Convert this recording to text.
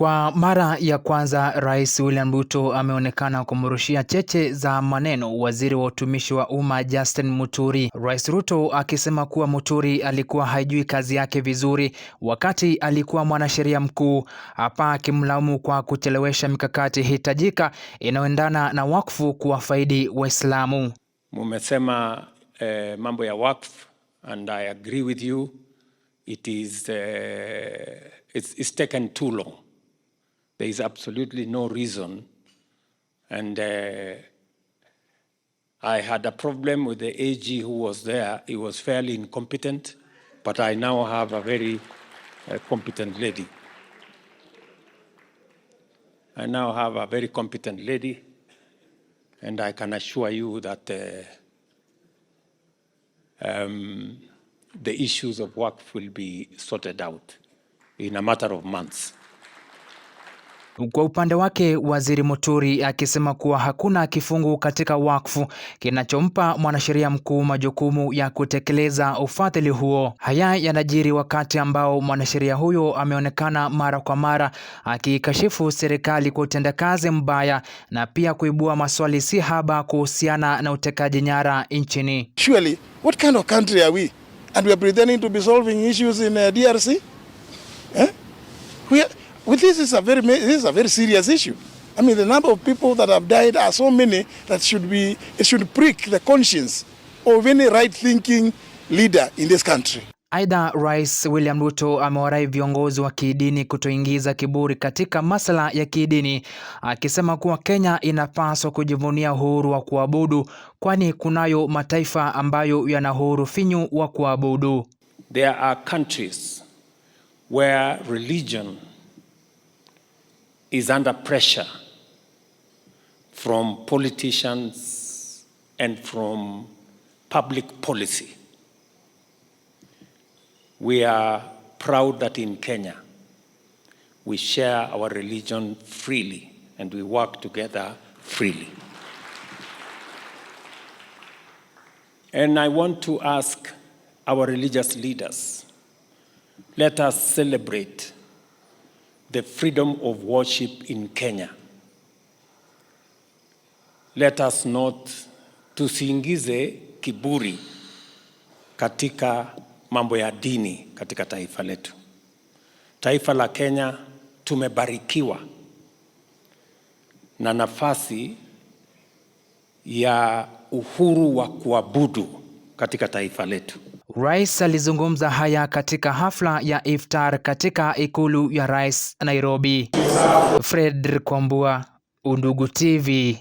Kwa mara ya kwanza Rais William Ruto ameonekana kumrushia cheche za maneno waziri wa utumishi wa umma Justin Muturi. Rais Ruto akisema kuwa Muturi alikuwa haijui kazi yake vizuri wakati alikuwa mwanasheria mkuu, hapa akimlaumu kwa kuchelewesha mikakati hitajika inayoendana na wakfu kuwafaidi Waislamu. Mumesema eh, mambo ya wakfu and I agree with you it is, eh, it's, it's taken too long There is absolutely no reason. And uh, I had a problem with the AG who was there. He was fairly incompetent, but I now have a very uh, competent lady. I now have a very competent lady, and I can assure you that uh, um, the issues of work will be sorted out in a matter of months. Kwa upande wake, Waziri Muturi akisema kuwa hakuna kifungu katika wakfu kinachompa mwanasheria mkuu majukumu ya kutekeleza ufadhili huo. Haya yanajiri wakati ambao mwanasheria huyo ameonekana mara kwa mara akiikashifu serikali kwa utendakazi mbaya na pia kuibua maswali si haba kuhusiana na utekaji nyara nchini. Surely, what kind of country are we? And we are pretending to be solving issues in, uh, DRC? Eh? We are... Well, this is a very, this is a very serious issue. I mean, the number of people that have died are so many that should be, it should prick the conscience of any right-thinking leader in this country. Aidha, Rais William Ruto amewarai viongozi wa kidini kutoingiza kiburi katika masala ya kidini, akisema kuwa Kenya inapaswa kujivunia uhuru wa kuabudu, kwani kunayo mataifa ambayo yana uhuru finyu wa kuabudu. There are countries where religion is under pressure from politicians and from public policy. We are proud that in Kenya we share our religion freely and we work together freely. And I want to ask our religious leaders let us celebrate the freedom of worship in Kenya. Let us not tusiingize kiburi katika mambo ya dini katika taifa letu. Taifa la Kenya tumebarikiwa na nafasi ya uhuru wa kuabudu katika taifa letu. Rais alizungumza haya katika hafla ya iftar katika ikulu ya rais Nairobi. Fred Kwambua, Undugu TV.